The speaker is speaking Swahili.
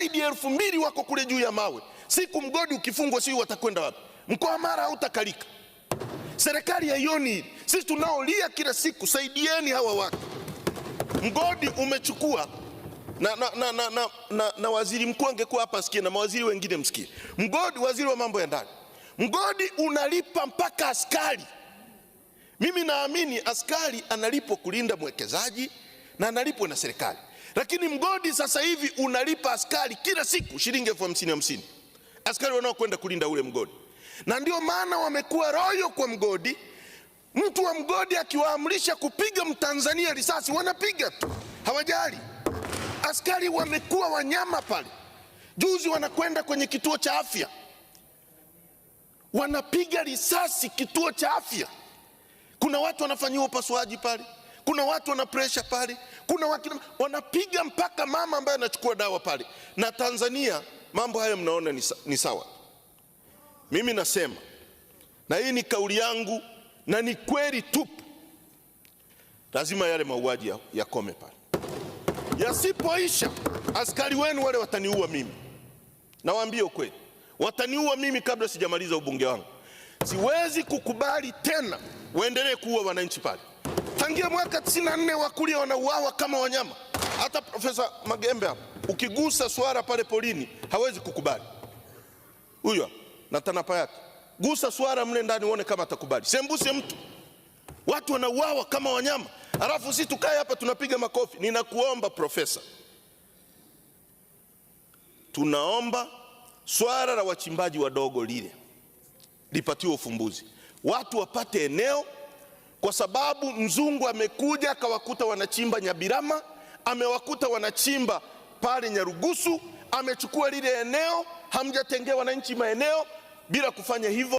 Zaidi ya elfu mbili wako kule juu ya mawe. Siku mgodi ukifungwa, sio watakwenda wapi? Mkoa wa Mara hautakalika. Serikali haioni hili. Sisi tunaolia kila siku, saidieni hawa watu. Mgodi umechukua na, na, na, na, na, na, na waziri mkuu angekuwa hapa asikie, na mawaziri wengine msikie. Mgodi, waziri wa mambo ya ndani, mgodi unalipa mpaka askari. Mimi naamini askari analipwa kulinda mwekezaji na analipwa na serikali. Lakini mgodi sasa hivi unalipa askari kila siku shilingi elfu hamsini hamsini, askari wanaokwenda kulinda ule mgodi, na ndio maana wamekuwa royo kwa mgodi. Mtu wa mgodi akiwaamrisha kupiga mtanzania risasi wanapiga tu, hawajali. Askari wamekuwa wanyama pale. Juzi wanakwenda kwenye kituo cha afya wanapiga risasi kituo cha afya. Kuna watu wanafanyiwa upasuaji pale, kuna watu wana presha pale, kuna wakina wanapiga mpaka mama ambaye anachukua dawa pale, na Tanzania mambo haya mnaona ni sawa. Mimi nasema na hii ni kauli yangu na ni kweli tupu, lazima yale mauaji yakome ya pale. Yasipoisha, askari wenu wale wataniua mimi, nawaambia ukweli, wataniua mimi kabla sijamaliza ubunge wangu. Siwezi kukubali tena waendelee kuua wananchi pale. Tangia mwaka 94 wakulia wanauawa kama wanyama. Hata Profesa Magembe hapa ukigusa swara pale polini hawezi kukubali huyo na tanapa yake, gusa swara mle ndani uone kama atakubali. Sembuse mtu, watu wanauawa kama wanyama, alafu si tukae hapa tunapiga makofi. Ninakuomba profesa, tunaomba swara la wachimbaji wadogo lile lipatiwe ufumbuzi, watu wapate eneo kwa sababu mzungu amekuja akawakuta wanachimba Nyabirama, amewakuta wanachimba pale Nyarugusu, amechukua lile eneo, hamjatengewa wananchi maeneo. Bila kufanya hivyo